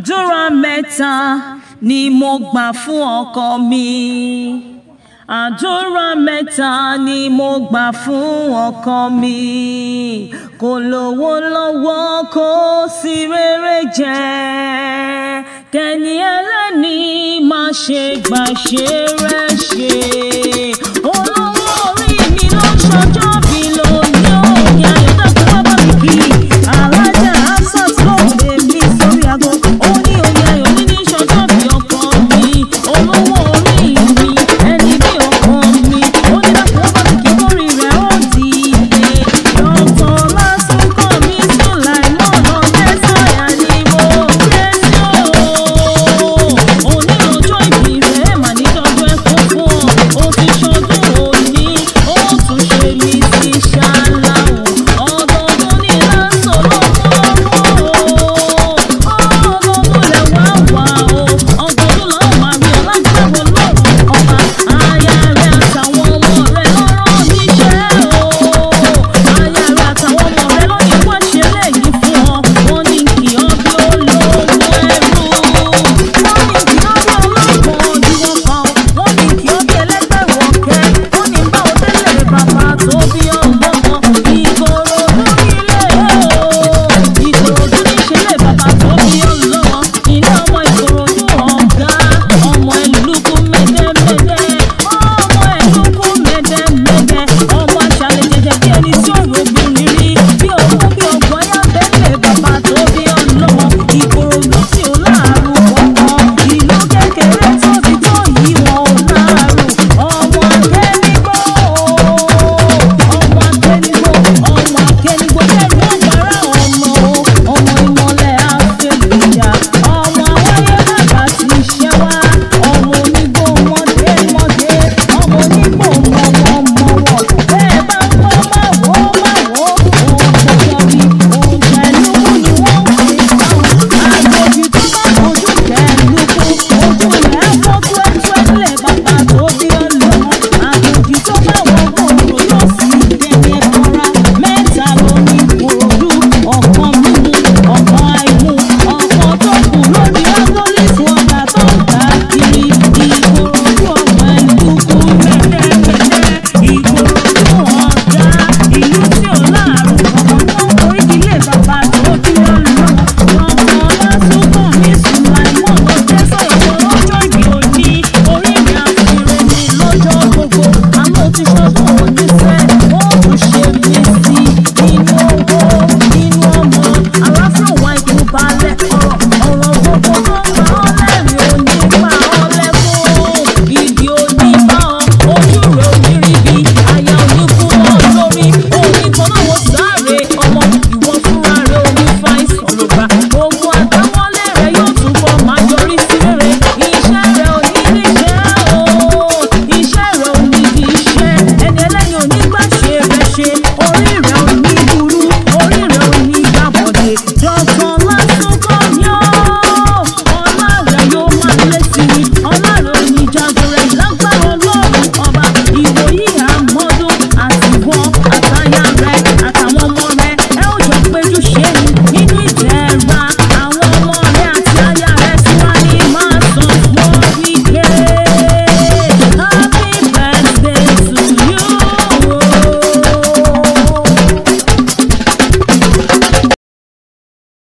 àdúrà mẹ́ta ni mo gbà fún ọkọ mi àdúrà mẹ́ta ni mo gbà fún ọkọ mi kò lówó lọ́wọ́ kò sí rere jẹ́ kẹ́ni ẹlẹ́ni má ṣe gbà ṣe rẹ́ ṣe.